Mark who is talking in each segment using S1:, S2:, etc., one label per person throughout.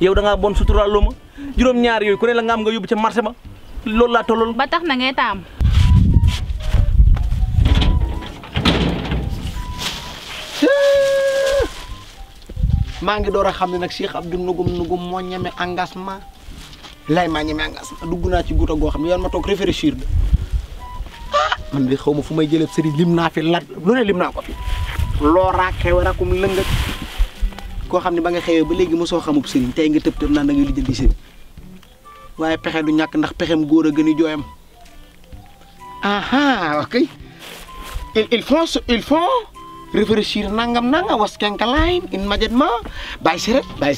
S1: yow da nga bon sutural lu ma ñaar yoy ku ne la nga am nga yobu ci marché ba loolu la tolol ba tax na ngay tam ma ngi door a xam ne nag Cheikh Abdou nugum nugum mo ñame engagement lay ma ñame engagement dugg naa ci guuta go xam yoon ma tok réfléchir de ah, man bi xawma fu may jëlee fi lat lu ne limna ko fi looraa xew kum lëngak ko xamni ba nga xewé ba léegi mosoo xamub sëriñ tey nga tepp tëb na nga ngay di sëriñ waaye pexé du ñak ndax pexem góor gëni joyam aha ok il faut il faut réfléchir nangam nanga was kenkalaay in majet ma bàyyi si rek bàyyi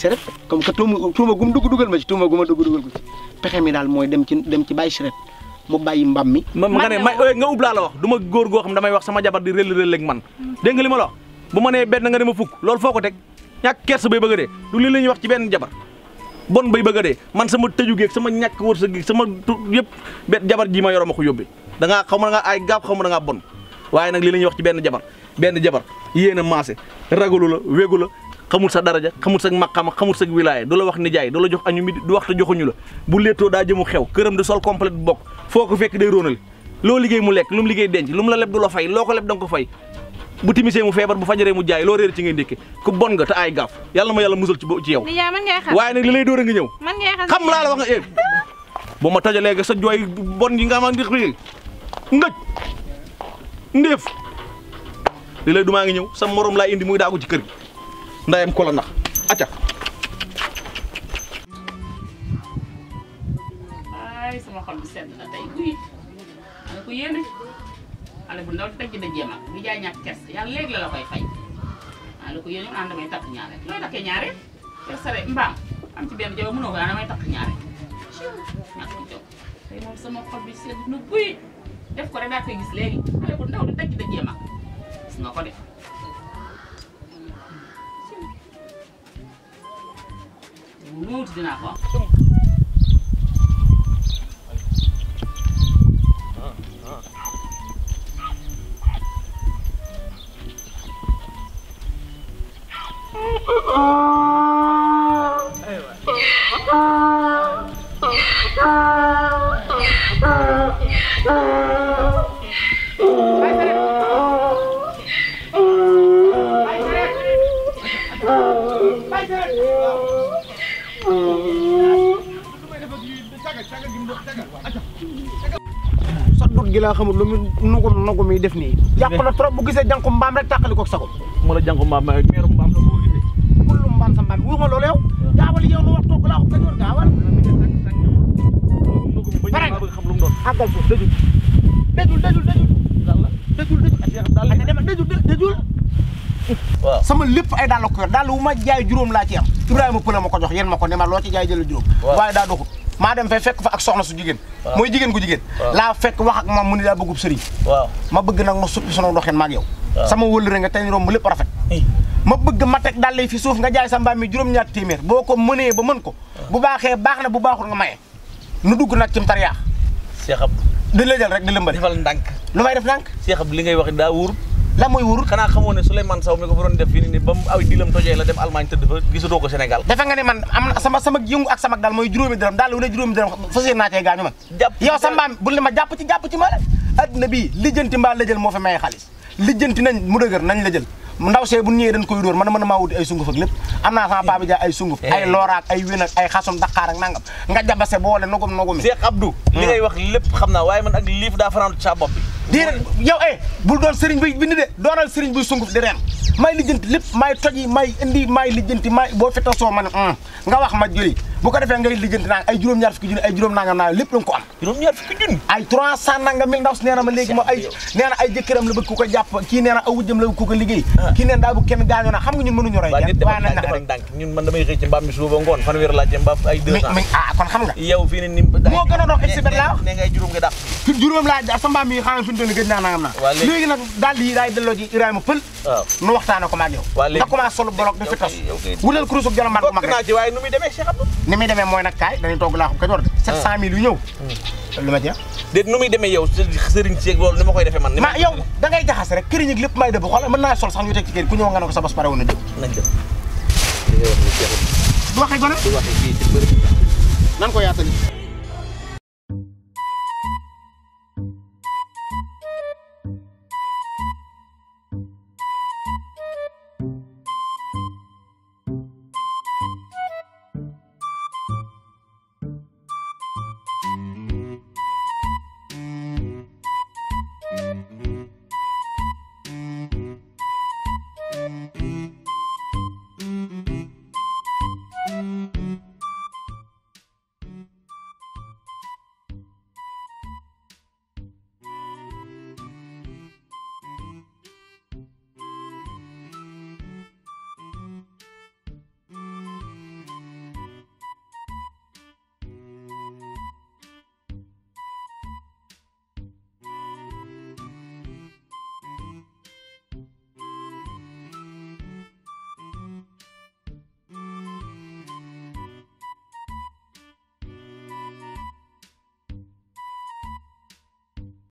S1: comme que tuuma tuuma gum dugg dugal ma ci tuma guma dug dugal ko ci pexe mi dal moy dem ci dem ci bàyyi si mu bayyi mbam mi nga ne ma eh, nga ublaa la wax duma goor go goo xam damay wax sama jabar di rëll rëll ak man dégg nga li ma la wax bu ma nee benn nga ne ma fukk loolu foko ko ñàkk kersa bay bëgg a dee du lii lañuy wax ci benn jabar bon bay bëgg a dee man sama tëju geeg sama ñàkk sa gi sama yëpp benn jabar ji ma yoroo ma ko yóbbee da ngaa xaw ma da ay gaab xaw ma da bon waaye nag lii la ñuy wax ci benn jabar benn jabar yéen a maase ragalu la wégu la xamul sa daraja xamul sa maqama xamul sa wilaaya du la wax nijaay du la jox añu du wax te joxuñu la bu léttoo daa jëmu xew këram di sol complète bu bokk foo ko fekk day róonali loo liggéey mu lekk lu mu denc lu mu la leb fay loo ko leb da nga fay bu timisé mu fébar bu fajaré mu jaay lo réer ci ngay ndékki ku bon nga ta ay gaf yalla ma yalla musul ci bo ci yow waaye nag li lay dóor a nga ñëw xam laa la wax nga eh bu ma tajalé ga sa joy bon yi nga ma ngi xuy ngej ndef li lay duma nga ñew sa morom la indi muy daagu ci kër ndayam ko la nax acca ay sama xol bu sedd na tey guy ko yene xale bu ndaw daj na jéem ak bu jaay ñàkk kers yàlla la la koy fay ah lu ko yéene ah takk ñaare looy takkee ñaare kers sare mbaam am ci benn jabar mënoo ko ah damay takk ñaare. ñàkk a jóg tey moom sama xol bi sedd na buy def ko rek daa koy gis léegi xale bu ndaw daj na jéem ak gis nga ko def. luut dinaa ko dut gi xamul lu mu nugum nugum def nii yàq na trop bu gisee ya, jànku mbaam rek tàqali ko sagom mu la jànku mbaam meeru mbaam la tuumal loolu yow gaawal yow nu waxtu bu laa xam kañoon gaawal pare nga àggal suuf dëjul dëjul dëjul dëjul dëjul dëjul waaw sama lépp ay daal yor daal jaay juróom laa ci am Ibrahima Pël ma jox yéen ma ne ma loo ci jaay jël juróom waaye daa doxut maa dem fay fekk fa ak soxna su jigéen mooy jigéen gu jigéen laa fekk wax ak moom mu ni ma bëgg ma suppi yow sama nga rafet ma bëgg ma tek dàll fi suuf nga jaay sa mbami juroom juróom-ñaar téeméer boo ko ba mën ko ah. bu baaxé baaxna bu baaxul nga maye nu dugg nag cim tariyaax Cheikh ab di la jël rek di lëmbal defal ndank lu may def ndank Cheikh ab li ngay wax da wuur la moy wuur xana xamone ne saw mi ko fa def fini ni bam aw dilam tojee la dem almagne tëdd fa gisatoo ko senegal defa nga ni man am sama sama yung ak sama dal moy juroomi dërëm dal wala juroomi juróomi dërëm na tay gañu man yow sa mbam bu li ma jàpp ci japp ci ma la adduna bii lijjanti mbaa la jël fa may xaliss lijeenti nañ mu deugar nañ la jël ndaw see bu ñëwee dañ koy dóor man mën a maa wuti ay sunguf ak am naa sama paa jaay ay sunguf ay eh. looraak ay wén ak ay xasum daqaar ak nangam nga jabase boole nogum nogum Cheikh Abdou li ngay wax lépp xam na waaye man ak liif daa farantu ca bopp bi déedéet yow eh bul doon sëriñ buy bind de doonal sëriñ buy sunguf di reen may lijjanti lépp may toj yi may indi may lijjanti may boo feta soo ma ne mm, nga wax ma juri bu ko defee ngay lijjanti naan ay juróom-ñaar fukki junni ay juróom nangam naa lépp da nga ndaw si nee ma léegi ma ay jëkkëram la bëgg ku ko kii nee na la bëgg ku ko ah. kii nee na bu kenn gaañoo na ah, kon xam nga yow moo gën a dox expert laa wax juróom nga dàq fi juróom laa mi xanaa fi ñu doon gëj naa nangam naa léegi nag daal di daay delloo ci Ibrahima Pël nu waxtaane ko maag yow da commencé solo borog dafi tas wulal kurusuk jolombaan mag naa ci waaye nu ni muy demee mooy nag kaay dañuy toog laa xam kajoor de 700000 yu ñëw hmm. lu ma ci déet nu muy demee yow sëriñ si loolu ni ma koy defee man ma yow da ngay jaxas rek këriñ ak lépp may dëbb xoolal mën naa sol sax ñu teg ci kër ku ñëw nga ne ko sa bos na jëm nañ jëm gone fii nan ko yaatali